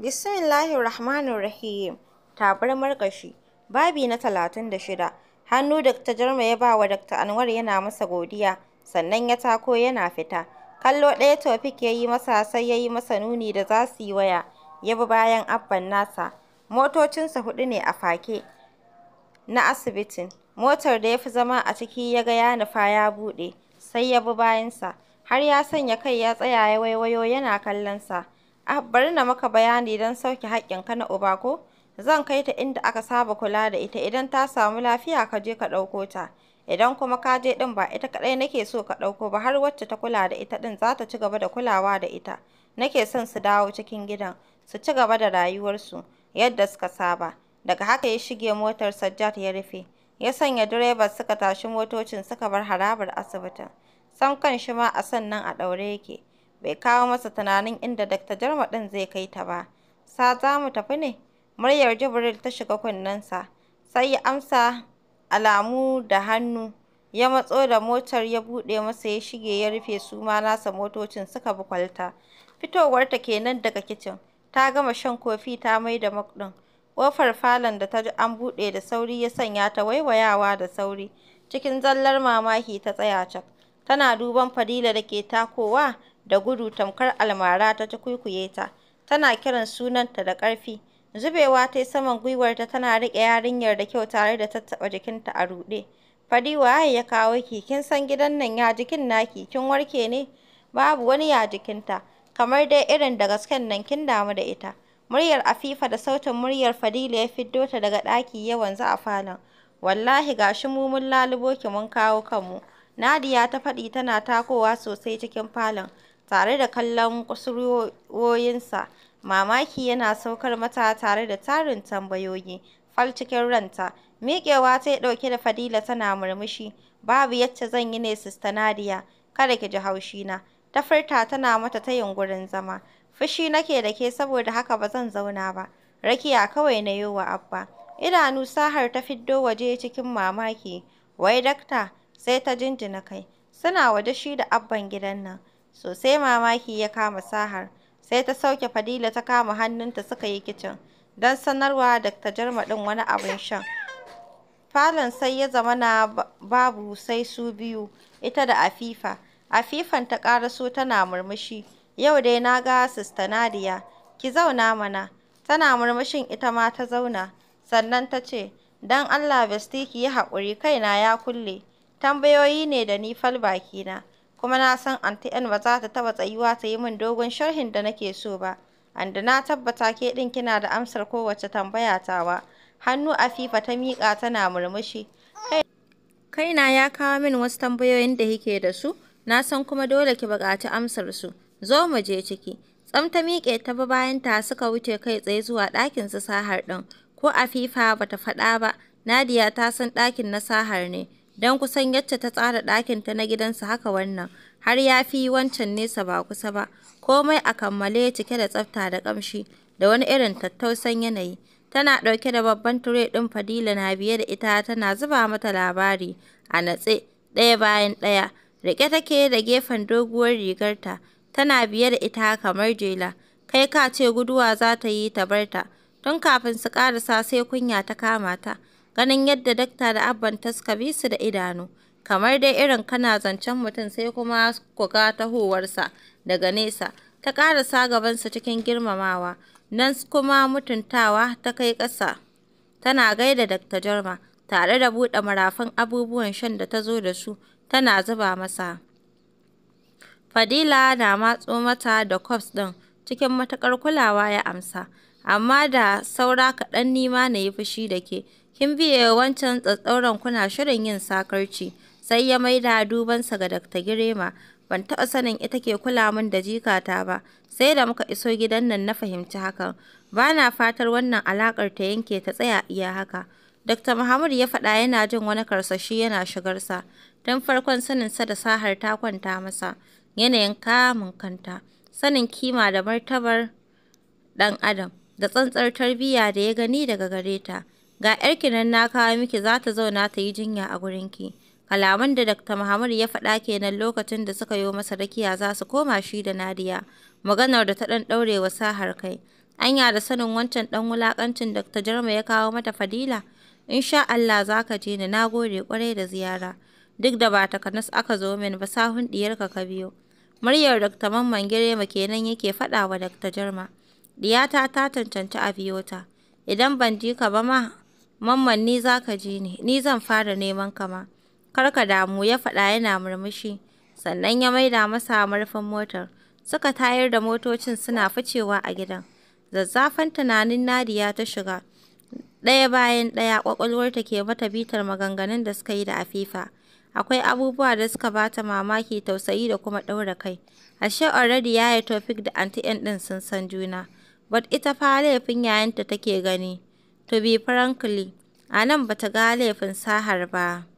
rahim, Tabarmar ƙashi. Babi na talatin da shida. Hannu Dr. Jarma ya ba wa Dr. Anwar yana masa godiya, sannan ya tako yana fita. Kallo ɗaya tofik ya yi masa sai ya yi masa nuni da za su yi waya, ya bi bayan abban nasa. Motocinsa hudu ne a fake na asibitin. Motar da ya fi zama a ciki ya ga ya nufa ya buɗe, sai ya bi bayansa. Har ya sanya kai ya tsaya ya waiwayo yana kallonsa. Ah, bari na maka bayani don sauke haƙƙinka na uba ko? Zan kai ta inda aka saba kula da ita idan ta samu lafiya ka je ka ɗauko ta. Idan kuma ka je ɗin ba ita kaɗai nake so ka ɗauko ba har wacce ta kula da ita ɗin za ta ci gaba da kulawa da ita. Nake son su dawo cikin gidan, su ci gaba da rayuwarsu yadda suka saba. Daga haka ya shige motar Sajjat ya rufe. Ya sanya direban suka tashi motocin suka bar harabar asibitin. Sam kan shi ma a sannan a ɗaure yake. bai kawo masa tunanin inda Dr. Jarma ɗin zai kai ta ba. Sa za mu tafi ne? Muryar Jibril ta shiga kunnensa, sai ya amsa alamu da hannu, ya matso da motar ya buɗe masa ya shige ya rufe su ma nasa motocin suka bi kwalta. Fitowarta kenan daga kicin, ta gama shan kofi ta mai da makɗin. ɗin. Ƙofar falon da ta an buɗe da sauri ya sanya ta waiwayawa da sauri, cikin zallar mamaki ta tsaya can. Tana duban Fadila da ke takowa da gudu tamkar almara ta ta tukwikwiye ta, tana kiran sunanta da ƙarfi. Zubewa ta yi saman gwiwarta tana riƙe yarinyar da kyau tare da tattaɓa jikinta a ruɗe. fadi waye ya kawo ki, kin san gidan nan ya jikin naki, kin warke ne? Babu wani ya jikinta, kamar dai irin da gasken nan kin damu da ita. Muryar Afifa da sautin muryar Fadila ya fiddo ta daga ɗaki ya wanzu a falon. Wallahi gashi mu mun lalubo mun kawo kanmu. Nadiya ta faɗi tana takowa sosai cikin falon. tare da kallon kusurwoyinsa, mamaki yana saukar mata tare da tarin tambayoyi, fal cikin ranta. Miƙewa ta ɗauke da Fadila tana murmushi. Babu yacce zan yi ne Sista kada ki ji haushina. Ta furta tana mata ta gurin zama. Fushi nake da ke saboda haka ba zan zauna ba. Rakiya kawai na yi wa Abba. Idanu sahar ta fiddo waje cikin mamaki. Wai dakta, sai ta jinjina kai. Suna waje shi da abban gidan nan. Sosai mamaki ya kama Sahar, sai ta sauke Fadila ta kama hannunta suka yi kicin don sanarwa Dr. Jarma ɗin wani abin shan. Falon sai ya zama na babu sai su biyu, ita da Afifa. Afifan ta ƙaraso tana murmushi, yau dai na ga Sista Nadiya, ki zauna mana. Tana murmushin ita ma ta zauna, sannan ta ce, don Allah besti ki haƙuri kaina ya kulle, tambayoyi ne da ni fal bakina. kuma na san antiyan ba za ta taɓa tsayuwa ta yi min dogon sharhin da nake so ba. And na tabbata ke ɗin kina da amsar kowace tambaya tawa. Hannu Afifa ta miƙa tana murmushi. kai na ya kawo min wasu tambayoyin da yake da su, na san kuma dole ki buƙaci amsar su. Zo mu je ciki. Tsam ta miƙe ta ba bayan ta suka wuce kai tsaye zuwa ɗakin su sahar ɗin. Ko Afifa bata faɗa ba, Nadiya ta san ɗakin na sahar ne. don kusan yadda ta tsara ɗakinta na gidansa haka wannan, har ya fi wancan nesa ba kusa ba, komai a kammale cike da tsafta da ƙamshi da wani irin tattausan yanayi. Tana ɗauke da babban ture ɗin Fadila na biye da ita tana zuba mata labari a natse ɗaya bayan ɗaya, Rike take da gefen doguwar rigarta, tana biye da ita kamar jela, kai ka ce guduwa za ta yi ta bar tun kafin su ƙarasa sai kunya ta kama ta. ganin yadda dakta da abban taska bi su da idanu kamar dai irin kana zancen mutum sai kuma ku ga tahowarsa daga nesa ta ƙarasa gabansa cikin girmamawa nan kuma mutuntawa ta kai ƙasa tana gaida dakta jarma tare da buɗe marafin abubuwan shan da ta zo da su tana zuba masa fadila na matso mata da cups ɗin cikin matuƙar kulawa ya amsa amma da saura kaɗan nima na yi fushi da ke kin biye wancan tsatsauran kuna shirin yin sakarci. Sai ya maida dubansa ga Dr. Girema. Ban taɓa sanin ita ke kula min da jikata ba, sai da muka iso gidan nan na fahimci hakan. Ba na fatar wannan alaƙar ta yanke ta tsaya iya haka. Dr. Muhammad ya faɗa yana jin wani karsashi yana shigarsa. Tun farkon saninsa da sahar ta kwanta masa. Yanayin kamun kanta. Sanin kima da martabar ɗan adam. Da tsantsar tarbiyya da ya gani daga gare ta. ga ‘yarki nan na kawo miki za ta zauna ta yi jinya a gurin ki. Kalaman da Dr. Muhammad ya faɗa kenan lokacin da suka yo masa rakiya za su koma shi da Nadiya, maganar da ta ɗan ɗaure wa sahar kai. Anya da sanin wancan ɗan wulaƙancin Dr. Jarma ya kawo mata fadila, sha Allah za ka je ni na gode kwarai da ziyara, duk da ba kanas aka zo min ba sahun ɗiyarka ka biyo. Muryar Dr. Mamman Girema kenan yake faɗa wa Dr. Jarma. Diyata ta cancanci a biyo ta, idan ban ji ka ba ma Mamman ni za ka ji ni, ni zan fara neman ka ma. Kar ka damu ya faɗa yana murmushi, sannan ya maida masa murfin motar. Suka tayar da motocin suna ficewa a gidan. Zazzafan tunanin Nadiya ta shiga. Ɗaya bayan ɗaya ƙwaƙwalwarta ke mata bitar maganganun da suka yi da Afifa. Akwai abubuwa da suka bata mamaki, tausayi da kuma ɗaura kai. Ashe already yaya Tofik da Anti ɗin sun san juna. But ita fa laifin yayanta take gani. To be frankly, a nan ba ta ga laifin Sahar ba.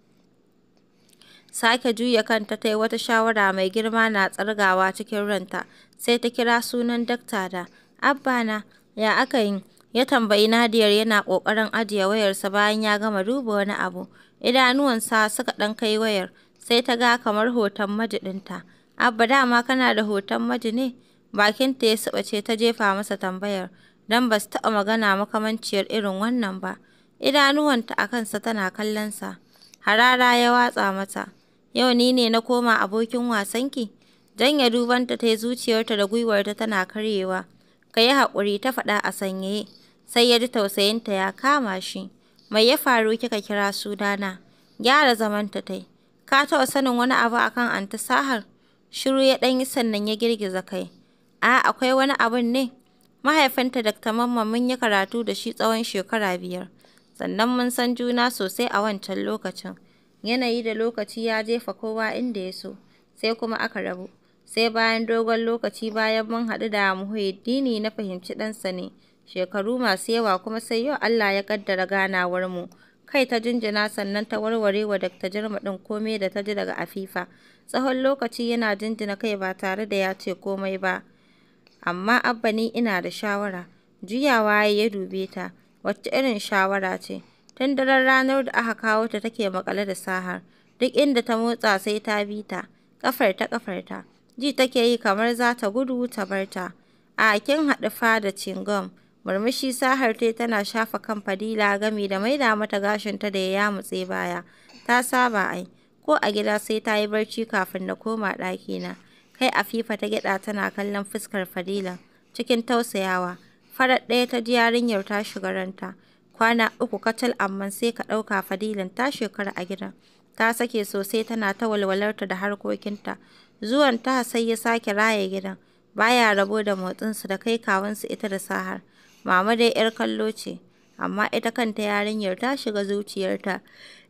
Sake juya kanta ta yi wata shawara mai girma na tsargawa cikin ranta, sai ta kira sunan dakta da, Abba na, ya aka yi? Ya tambayi Nadiyar yana ƙoƙarin ajiye wayarsa bayan ya gama duba wani abu. Idanuwansa suka ɗan kai wayar, sai ta ga kamar hoton majiɗinta. Abba dama kana da hoton maji ne? Bakinta ya suɓace ta jefa masa tambayar. don ba su taɓa magana makamanciyar irin wannan ba. Idanuwanta a kansa tana kallonsa. Harara ya watsa mata. Yau ni ne na koma abokin wasanki? Janya dubanta ta yi zuciyarta da gwiwarta tana karyewa. Ka yi haƙuri ta faɗa a sanyaye. Sai ya ji tausayinta ya kama shi. Mai ya faru kika kira su dana. Gyara zamanta ta yi. Ka taɓa sanin wani abu akan Anta Sahar? Shiru ya ɗan yi sannan ya girgiza kai. A akwai wani abun ne? Mahaifinta Dr. Mamman mun yi karatu da shi tsawon shekara biyar, sannan mun san juna sosai a wancan lokacin. Yanayi da lokaci ya jefa kowa inda ya so, sai kuma aka rabu. Sai bayan dogon lokaci bayan mun haɗu da Muhyiddini na fahimci ɗansa ne, shekaru masu yawa kuma sai yau Allah ya kaddara ganawar mu. Kai ta jinjina sannan ta warware wa Dr. Jirma ɗin komai da ta ji daga Afifa. Tsahon lokaci yana jinjina kai ba tare da ya ce komai ba. Amma Abba ni ina da shawara. Juyawa ya yi ya dube ta. Wacce irin shawara ce? Tun daren ranar da aka kawo ta take makale da Sahar. Duk inda ta motsa sai ta bi ta, kafar ƙafarta-ƙafarta. Ji take yi kamar za ta gudu ta bar ta. a kin haɗu fa da cingam. Murmushi Sahar ta tana shafa kan Fadila gami da maida mata gashin ta da ya mutse baya. Ta saba ai, ko a gida sai ta yi barci kafin na koma ɗakina. Kai a fifa ta gyaɗa tana kallon fuskar Fadila cikin tausayawa. Farar ɗaya ta ji yarinyar ta shiga ranta. Kwana uku kacal amma sai ka ɗauka Fadilan ta shekara a gidan. Ta sake sosai tana ta walwalarta da harkokinta. Zuwan ta sai ya sake raya gidan. Baya rabo da motsinsu da kai kawansu ita da Sahar. Mama dai 'yar kallo ce. amma ita kanta yarinyar ta shiga zuciyarta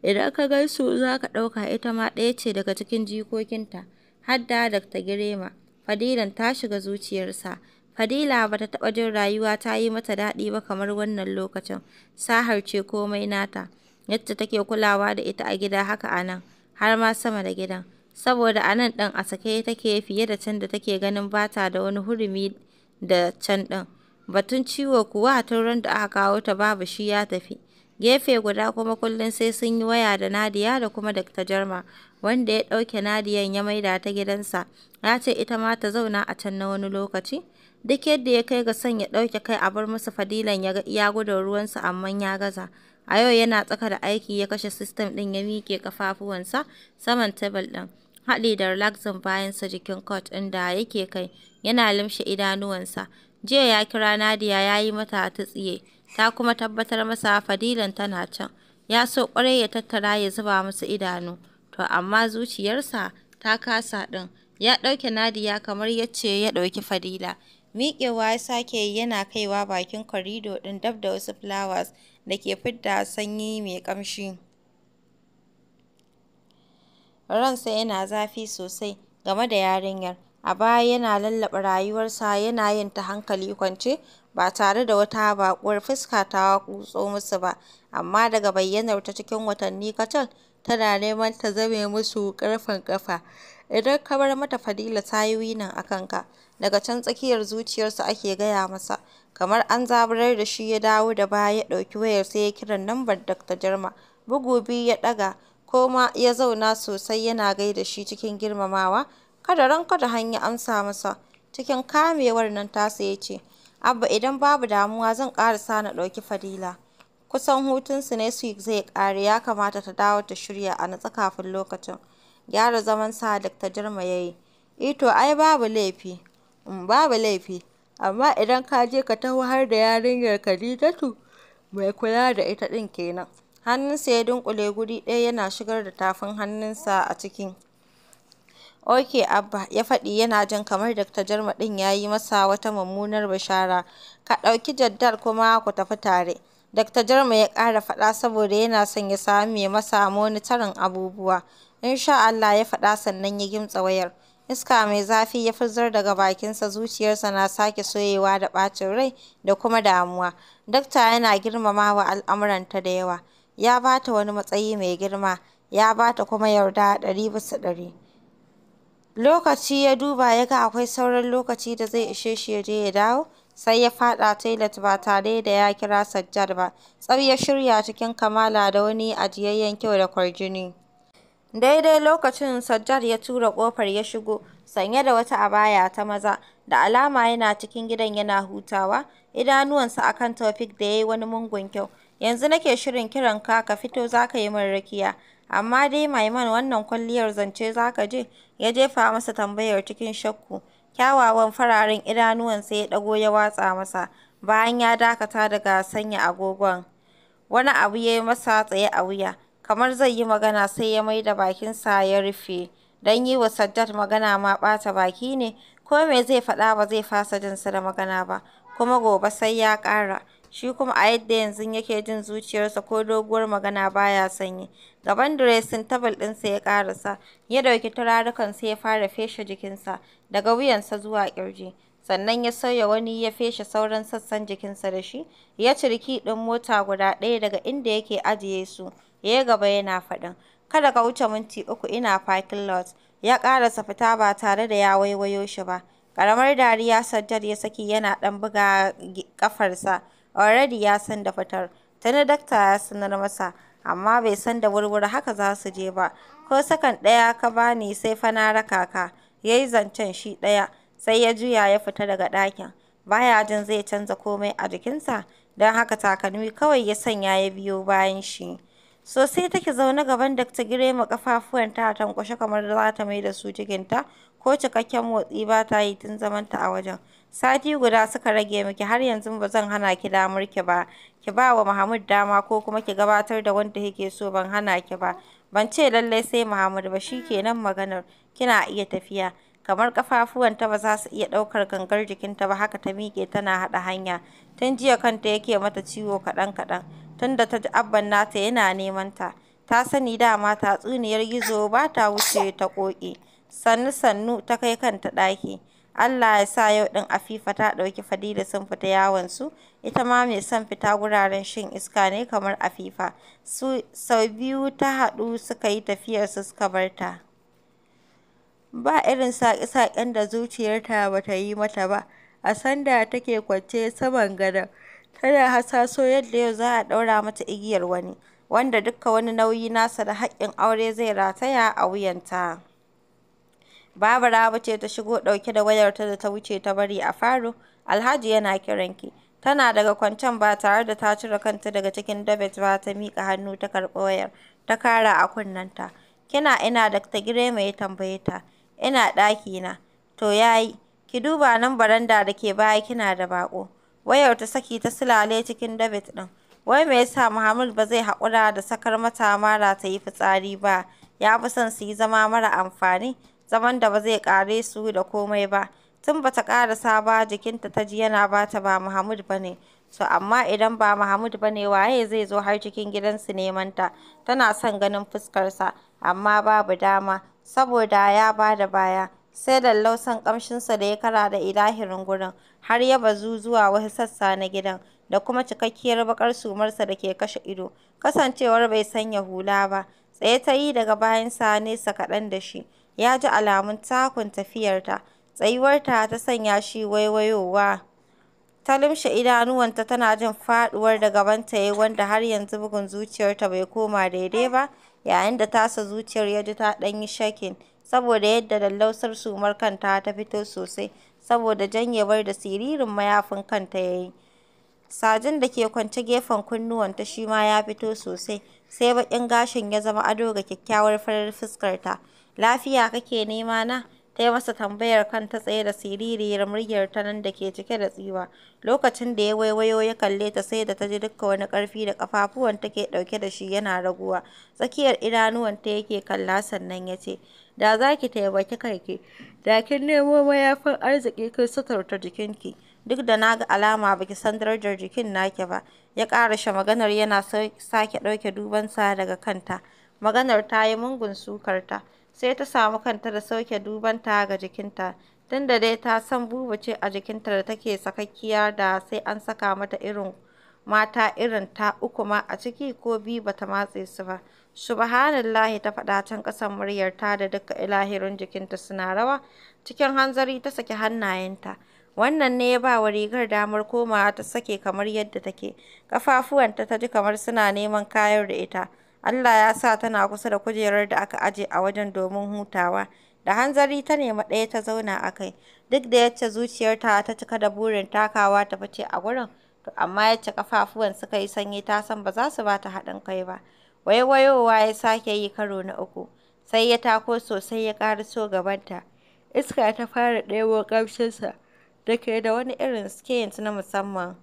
idan ka gaisu za ka ɗauka ita ma ɗaya ce daga cikin jikokinta hadda Dr. Girema. Fadilan ta shiga zuciyarsa. Fadila ba ta taɓa jin rayuwa ta yi mata daɗi ba kamar wannan lokacin. Sahar ce komai nata, yadda take kulawa da ita a gida haka a nan, har ma sama da gidan. Saboda a nan ɗin a sake take fiye da can da take ganin ba ta da wani hurumi da can ɗin. Batun ciwo kuwa a turan da aka kawo ta babu shi ya tafi. Gefe guda kuma kullum sai sun yi waya da Nadia da kuma Dr. Jarma, wanda ya ɗauke Nadiyan ya maida ta gidansa, ya ce ita ma ta zauna a can na wani lokaci. Duk yadda ya kai ga son ya ɗauke kai a bar musu fadilan ya ga iya gudun ruwansa amma ya gaza. A yau yana tsaka da aiki ya kashe sistem ɗin ya miƙe kafafuwansa saman tebul ɗin. haɗi da relaxin sa jikin court ɗin da yake kai, yana limshe idanuwansa. Jiya ya kira Nadia ya yi mata ta tsiye. ta kuma tabbatar masa Fadilan tana can. Ya so ƙwarai ya tattara ya zuba musu idanu, to amma zuciyarsa ta kasa ɗin. Ya ɗauke Nadiya kamar yacce ya ɗauki Fadila. Miƙewa ya sake yana kaiwa bakin korido ɗin dab da wasu flowers da ke fidda sanyi mai ƙamshi. Ransa yana zafi sosai game da yarinyar. A baya yana lallaɓa rayuwarsa yana yin ta hankali kwance, ba tare da wata baƙuwar fuska ta kutso musu ba, amma daga ta cikin watanni kacal, tana neman ta zame musu ƙarfen ƙafa. Idan ka bar mata Fadila ta yi winan a kanka, daga can tsakiyar zuciyarsa ake gaya masa, kamar an zabarar da shi ya dawo da baya ya ɗauki wayar sai ya kira lambar Dr. Jarma, bugu biyu ya ɗaga, koma ya zauna sosai yana gaida shi cikin girmamawa, kada ranka da hanya amsa masa, cikin kamewar nan tasa ya ce, Abba idan babu damuwa zan ƙarasa na ɗauki Fadila. Kusan hutunsu ne su zai ƙare ya kamata ta dawo ta shirya a natse kafin lokacin. Gyara zaman sa ta Jirma ya yi. Ito ai babu laifi. Mm, babu laifi. Amma idan ka je ka taho har da yarinyar Khadijatu mai kula da ita ɗin kenan. Hannunsa ya dunkule guri ɗaya yana shigar da tafin hannunsa a cikin. Ok Abba, ya faɗi yana jin kamar Dr. Jarma ɗin ya yi masa wata mummunar bishara. Ka ɗauki jaddar kuma ku tafi tare. Dr. Jarma ya ƙara faɗa saboda yana son ya sami mai masa tarin abubuwa. Insha Allah ya faɗa sannan ya gimtsa wayar. Iska mai zafi ya zar daga bakinsa zuciyarsa na sake soyewa da ɓacin rai da kuma damuwa. Dakta yana girmamawa al'amuranta da yawa. Ya ba ta wani matsayi mai girma, ya ba ta kuma yarda ɗari bisa ɗari. lokaci ya duba ya ga akwai sauran lokaci da zai ishe shi ya je ya dawo, sai ya fada toilet ba tare da ya kira sajjar ba, tsar ya shirya cikin kamala da wani ajiyayyen kyau da kwarjini. Daidai lokacin Sajjad ya tura kofar ya shigo, sanye da wata abaya ta maza, da alama yana cikin gidan yana hutawa, idanuwansa a kan tofik da ya yi wani mungun kyau. Yanzu nake shirin kiran ka ka fito za ka yi min rakiya. Amma dai Maiman wannan kwalliyar zance zaka je? Ya jefa masa tambayar cikin shakku. Kyawawan fararen idanuwansa ya ɗago ya watsa masa, bayan ya dakata daga sanya agogon. Wani abu ya yi masa tsaye a wuya, kamar zai yi magana sai ya mai maida bakinsa ya rufe. Don yi wa sajjad magana ma ɓata baki ne, ko me zai faɗa ba zai fasa jinsa da magana ba, kuma gobe sai ya ƙara. shi kuma a yadda yanzu yake jin zuciyarsa ko doguwar magana baya son yi. Gaban diresin tabul ɗinsa ya ƙarasa, ya ɗauki turarukansa ya fara feshe jikinsa daga wuyansa zuwa ƙirji. Sannan ya sauya wani ya feshe sauran sassan jikinsa da shi, ya ciriki ɗin mota guda ɗaya daga inda yake ajiye su, ya gaba yana faɗin, kada ka wuce minti uku ina parking lot. Ya ƙarasa fita ba tare da ya waiwayo shi ba. Ƙaramar dariya Sajjad ya saki yana ɗan buga ƙafarsa. already ya san da fitar na dakta ya sanar masa amma bai san da wurwuri haka za su je ba ko sakan ɗaya ka bani sai fana na raka ka ya yi zancen shi ɗaya sai ya juya ya fita daga ɗakin baya jin zai canza komai a jikinsa don haka takalmi kawai ya sanya ya biyo bayan shi sosai take zaune gaban Dr. Girema kafafuwan ta tankwashe kamar za ta mai da su cikinta ko cikakken motsi ba ta yi tun zamanta a wajen Sati guda suka rage miki har yanzu ba zan hana ki damar ki ba. Ki ba wa Mahmud dama ko kuma ki gabatar da wanda yake so ban hana ki ba. Ban ce lallai sai muhammad ba shi kenan maganar. Kina iya tafiya. Kamar kafafuwanta ba za su iya daukar gangar jikin ta ba haka ta miƙe tana haɗa hanya. Tun jiya kanta yake mata ciwo kadan-kadan kaɗan Tunda ta ji abban nata yana neman ta. Ta sani dama tatsuniyar gizo ba ta wuce ta ƙoƙi. Sannu-sannu ta kai kanta ɗaki. Allah ya sa yau ɗin Afifa ta ɗauki Fadila sun fita yawon su, ita ma mai son fita guraren shin iska ne kamar Afifa. Su sau biyu ta haɗu suka yi tafiyar su suka bar ta. Ba irin saƙi-saƙen da zuciyarta ba ta yi mata ba, a sanda take kwance saman gadon, tana hasaso yadda yau za a ɗaura mata igiyar wani, wanda dukka wani nauyi nasa da haƙƙin aure zai rataya a wuyanta. Babu Rabu ce ta shigo ɗauke da wayarta da ta wuce ta bari a faro Alhaji yana kiranki. Tana daga kwancen ba tare da ta cire kanta daga cikin dabet ba ta miƙa hannu ta karɓi wayar. Ta kara a kunnenta. Kina ina da Girma ya tambaye ta. Ina ɗakina. To yayi. Ki duba nan baranda da ke baya kina da baƙo. Wayar ta saki ta silale cikin dabet ɗin. Wai me yasa Muhammad ba zai haƙura da sakar mata mara ta yi fitsari ba? Ya fi son su yi zama mara amfani zaman da ba zai ƙare su da komai ba. Tun ba ta karasa ba jikinta ta ji yana ba ta ba Mahmud ba ne. To amma idan ba Mahmud ba ne waye zai zo har cikin gidansu neman ta. Tana son ganin fuskarsa amma babu dama saboda ya ba da baya. sai lallausan kamshinsa da ya kara da ilahirin gurin har ya bazu zuwa wasu sassa na gidan da kuma cikakkiyar bakar sumarsa da ke kashe ido kasancewar bai sanya hula ba tsaye ta yi daga bayansa nesa kaɗan da shi ya ji alamun takun tafiyarta, tsayuwarta ta sanya shi waiwayowa. Ta lumshe idanuwanta tana jin faɗuwar da gabanta ya yi wanda har yanzu bugun zuciyarta bai koma daidai ba, yayin da tasa zuciyar ya ji ta ɗan yi shakin, saboda yadda lallausar sumar kanta ta fito sosai, saboda janyewar da siririn mayafin kanta ya yi. Sajin da ke kwance gefen kunnuwanta shi ma ya fito sosai, sai baƙin gashin ya zama ado ga kyakkyawar farar fuskarta. Lafiya kake nema na? ta yi masa tambayar kan ta tsaye da siririyar muryar ta nan da ke cike da tsiwa. Lokacin da ya waiwayo ya kalle ta sai da ta ji dukka wani ƙarfi da ƙafafuwan take ɗauke da shi yana raguwa. Tsakiyar idanuwanta yake kalla sannan ya ce, Da za ki taimaki kanki, da kin nemo mayafin arziki kin jikin jikinki. Duk da na ga alama baki san darajar jikin naki ba, ya ƙarashe maganar yana sake ɗauke dubansa daga kanta. Maganar ta yi mungun sukarta. sai ta samu kanta da sauke dubanta ga jikinta tun da dai ta san bubu ce a jikinta da take sakakkiya da sai an saka mata irin mata irin ta uku ma a ciki ko biyu bata matse su ba subhanallahi ta faɗa can ƙasan muryar ta da duka ilahirin jikinta suna rawa cikin hanzari ta saki hannayenta wannan ne ya ba wa rigar damar komawa ta sake kamar yadda take kafafuwanta ta ji kamar suna neman kayar da ita Allah ya sa tana kusa da kujerar da aka aje a wajen domin hutawa. Da hanzari ta nemi ɗaya ta zauna a kai. Duk da yacce zuciyarta ta cika da burin takawa ta fice a wurin? to amma yacce kafafuwan suka yi sanyi ta san ba za su ba ta haɗin kai ba. Waiwayowa ya sake yi karo na uku, sai ya tako sosai ya so gabanta. Iska ta fara ɗebo ƙamshinsa da ke da wani irin skins na musamman.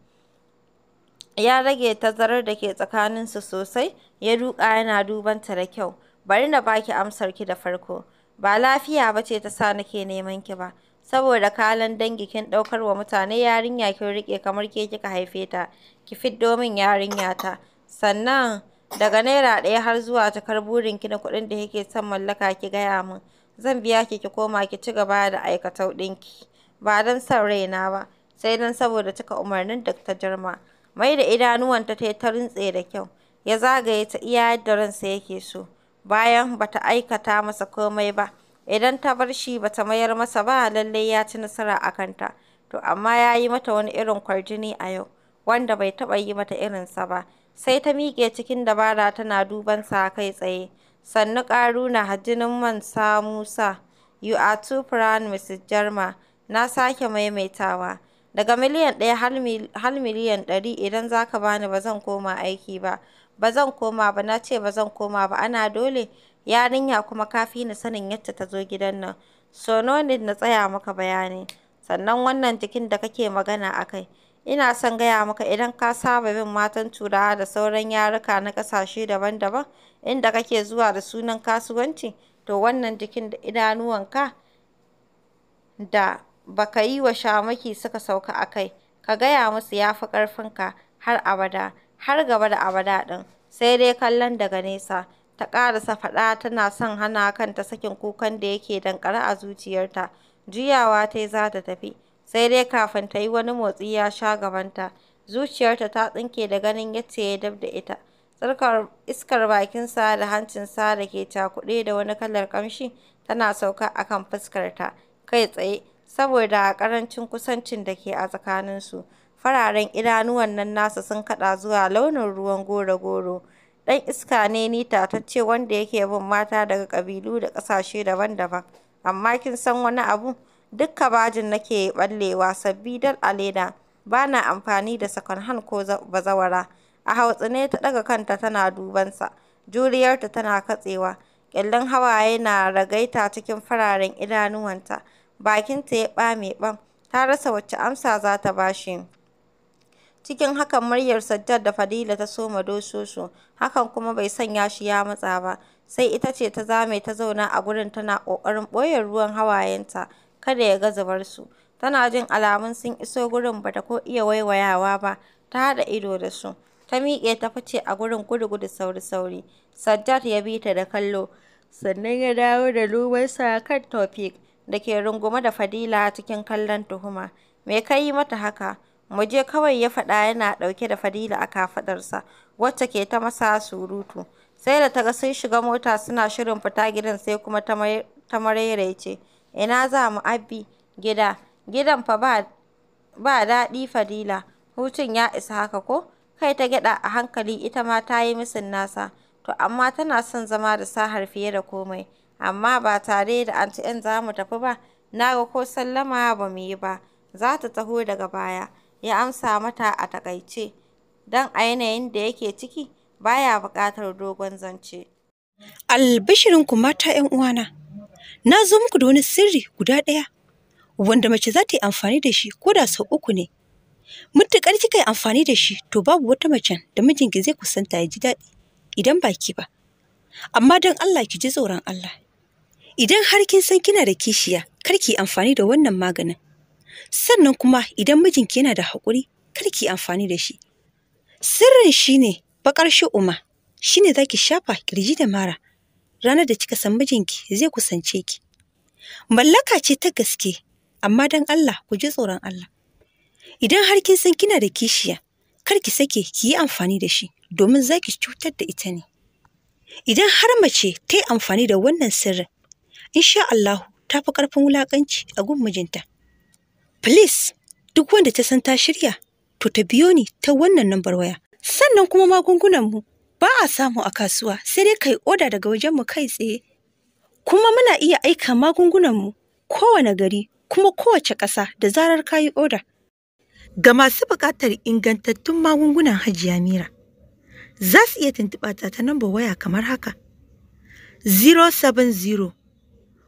Ya rage tazarar da ke tsakaninsu sosai, ya duƙa yana duban ta da kyau. Bari na baki amsar ki da farko. Ba lafiya ba ce ta sa nake neman ki ba. Saboda kalan dangi kin ɗaukar wa mutane yarinya kin riƙe kamar ke kika haife ta. Ki fiddo min yarinya ta. Sannan daga naira ɗaya har zuwa burin ki na kuɗin da kike son mallaka ki gaya min. Zan biya ki ki koma ki ci gaba da aikatau ɗinki. Ba don son raina ba, sai don saboda cika umarnin Dr. Jirma. Mai da idanuwanta ta yi ta rintse da kyau, ya zagaye ta iya yadda ransa yake so. Bayan ba ta aikata masa komai ba, idan ta bar shi ba ta mayar masa ba lallai ya ci nasara a kanta. To amma ya yi mata wani irin kwarjini a yau, wanda bai taɓa yi mata irinsa ba. Sai ta miƙe cikin dabara tana duban sa kai tsaye. Sannu na hajjinin man sa Musa, you are too proud Mrs. Jarma, na sake maimaitawa. Daga miliyan ɗaya har miliyan ɗari idan za ka bani ba zan koma aiki ba. Ba zan koma ba, na ce ba zan koma ba, ana dole? Yarinya kuma ka fi sanin yadda ta zo gidan nan. So no need na tsaya maka bayani. Sannan wannan jikin da kake magana a kai, ina son gaya maka idan ka saba bin matan Turawa da sauran yaruka na ƙasashe daban-daban, inda kake zuwa da sunan kasuwanci, to wannan jikin da idanuwanka da Baka yi wa shamaki suka sauka a kai, ka gaya musu ya fi ƙarfinka har abada, har gaba da abada ɗin, sai dai kallon daga nesa. Ta ƙarasa faɗa tana son hana kanta sakin kukan da yake danƙare a zuciyarta. Juyawa ta yi za ta tafi, sai dai kafin ta yi wani motsi ya sha gabanta. Zuciyarta ta tsinke da ganin yadda ya dab da ita. Tsarkar iskar bakinsa da hancinsa da ke cakuɗe da wani kalar ƙamshi tana sauka akan kan fuskarta kai tsaye saboda ƙarancin kusancin da ke a tsakaninsu. Fararen idanuwan nan nasa sun kaɗa zuwa launin ruwan goro-goro. Ɗan iska ne ni tatacce wanda yake bin mata daga ƙabilu da ƙasashe daban-daban. Amma kin san wani abu? dukka bajin nake ɓallewa sabbi dal a leda. Ba na amfani da second hand ko bazawara. A ne ta ɗaga kanta tana dubansa. Juriyarta tana katsewa. Ƙyallin hawaye na ragaita cikin fararen idanuwanta. bakinta ya ɓame ɓam, ta rasa wacce amsa za ta ba shi. Cikin hakan muryar Sajjad da Fadila ta soma dososo, hakan kuma bai sanya shi ya matsa ba, sai ita ce ta zame ta zauna a gurin tana ƙoƙarin ɓoyar ruwan hawayenta, kada ya ga zubar su. Tana jin alamun sun iso gurin bata ko iya waiwayawa ba, ta haɗa ido da su. Ta miƙe ta fice a gurin gudugudu sauri-sauri. Sajjad ya bi ta da kallo, sannan ya dawo da lumansa kan tofik. da ke rungume da Fadila cikin kallon tuhuma. Me ka yi mata haka? Mu je kawai ya faɗa yana ɗauke da Fadila a kafaɗarsa, wacce ke ta masa surutu. Sai da ta ga sun shiga mota suna shirin fita gidan sai kuma ta maraice. Ina za mu abi gida? Gidan fa ba ba daɗi Fadila. Hutun ya isa haka ko? Kai ta gyaɗa a hankali ita ma ta yi misin nasa. To amma tana son zama da Sahar fiye da komai. amma ba tare da an ci za mu tafi ba, na ga ko sallama ba mu yi ba, za ta taho daga baya, ya amsa mata a takaice don a yanayin da yake ciki baya ya buƙatar dogon zance. ku mata ‘yan uwana, na zo muku da wani sirri guda ɗaya, wanda mace za ta yi amfani da shi ko da sau uku ne. Mutuƙar kika yi amfani da shi, to babu wata macen da mijinki zai kusanta ya ji daɗi idan baki ba. Amma don Allah ki ji tsoron Allah, Idan har kin san kina da kishiya, kar ki amfani da wannan maganin. Sannan kuma idan mijinki yana da haƙuri, kar ki amfani da shi. Sirrin shine bakar shi'uma, shine zaki shafa kirji da mara. Ranar da kika san mijinki zai kusance ki. Mallaka ce ta gaske, amma dan Allah ku ji tsoron Allah. Idan har kin san kina da kishiya, kar ki sake ki yi amfani da shi, domin zaki cutar da ita ne. Idan har mace ta yi amfani da wannan sirrin, insha Allahu ta fi ƙarfin wulaƙanci a gun mijinta. Please, duk wanda ta san ta shirya, to ta biyo ni ta wannan nambar waya. Sannan kuma magungunanmu ba a samu a kasuwa sai dai kai oda daga wajenmu kai tsaye. Kuma muna iya aika magungunanmu kowane gari kuma kowace ƙasa da zarar ka yi oda. Ga masu buƙatar ingantattun magungunan hajiya mira, za su iya tuntuɓa ta ta nambar waya kamar haka. 070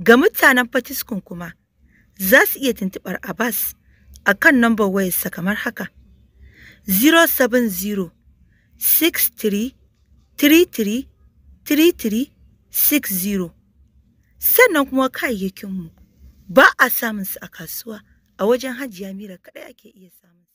Ga mutanen Fatiskun kuma za su iya tuntuɓar Abbas a kan nambar wayarsa kamar haka 070 63 33 33 60 sannan kuma kayayyakinmu ba a samunsu a kasuwa a wajen hajiya mira kaɗai ake iya samun